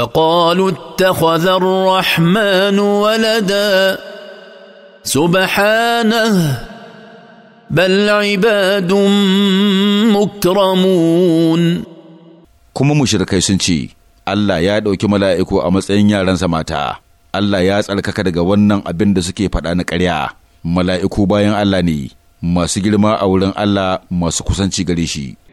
وقالوا اتخذ الرحمن ولدا سبحانه بل عباد مكرمون kuma mushrikai sun ce Allah ya ɗauki mala'iku a matsayin yaransa mata Allah ya tsarkaka daga wannan abin da suke faɗa na ƙarya mala'iku bayan Allah ne masu girma a wurin Allah masu kusanci gare shi